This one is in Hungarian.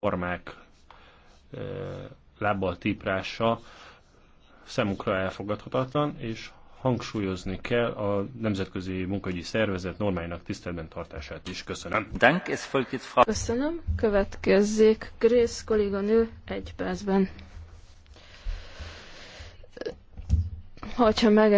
formák lábbal típrása szemukra elfogadhatatlan, és hangsúlyozni kell a Nemzetközi Munkahogyi Szervezet normáinak tiszteletben tartását is. Köszönöm. Köszönöm. Következzék Grész kolléganő egy percben. Hogyha meg